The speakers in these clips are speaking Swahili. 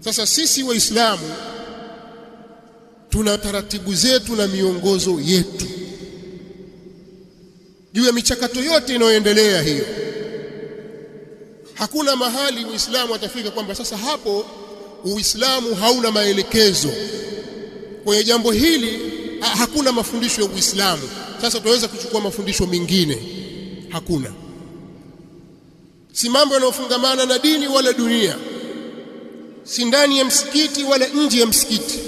Sasa sisi Waislamu tuna taratibu zetu na miongozo yetu juu ya michakato yote inayoendelea hiyo. Hakuna mahali Uislamu atafika kwamba sasa hapo Uislamu hauna maelekezo kwenye jambo hili, hakuna mafundisho ya Uislamu. Sasa tunaweza kuchukua mafundisho mengine, hakuna. Si mambo yanayofungamana na dini wala dunia si ndani ya msikiti wala nje ya msikiti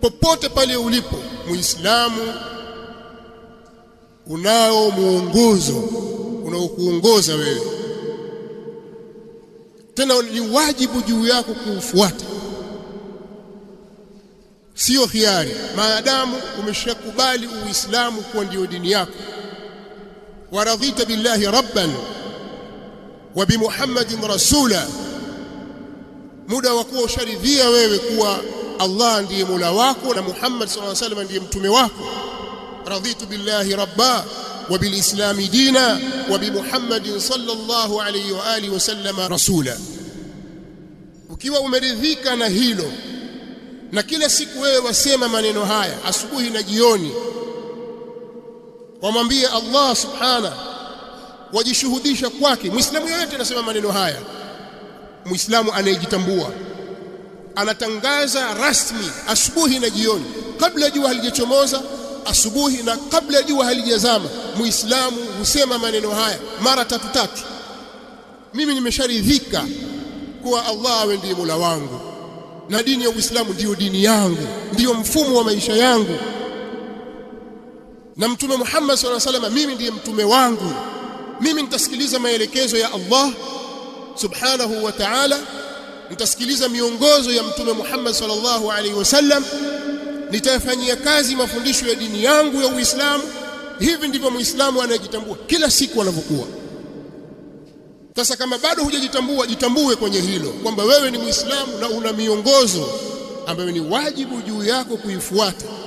popote pale ulipo muislamu unao muongozo unaokuongoza wewe tena ni wajibu juu yako kuufuata sio hiari maadamu umeshakubali uislamu kuwa ndio dini yako waradhita billahi rabban wa bimuhammadin rasula muda wa kuwa usharidhia wewe kuwa Allah ndiye mola wako na Muhammad sallallahu alaihi wasallam ndiye mtume wako. Radhitu billahi rabba wa bilislami dina wa bimuhammadin sallallahu alaihi wa alihi wasallam rasula. Ukiwa umeridhika na hilo na kila siku wewe wasema maneno haya asubuhi na jioni, wamwambie Allah subhana, wajishuhudisha kwake. Mwislamu yoyote anasema maneno haya muislamu anayejitambua anatangaza rasmi asubuhi na jioni, kabla jua halijachomoza, asubuhi na kabla jua halijazama, muislamu husema maneno haya mara tatu tatu: mimi nimesharidhika kuwa Allah awe ndiye mola wangu na dini ya Uislamu ndiyo dini yangu, ndiyo mfumo wa maisha yangu, na Mtume Muhammad sallallahu alaihi wasallam mimi ndiye mtume wangu. Mimi nitasikiliza maelekezo ya Allah subhanahu wa ta'ala nitasikiliza miongozo ya mtume Muhammad sallallahu alaihi wasallam nitayafanyia kazi mafundisho ya dini yangu ya Uislamu hivi ndivyo muislamu anayejitambua kila siku anavyokuwa sasa kama bado hujajitambua jitambue kwenye hilo kwamba wewe ni muislamu na una miongozo ambayo ni wajibu juu yako kuifuata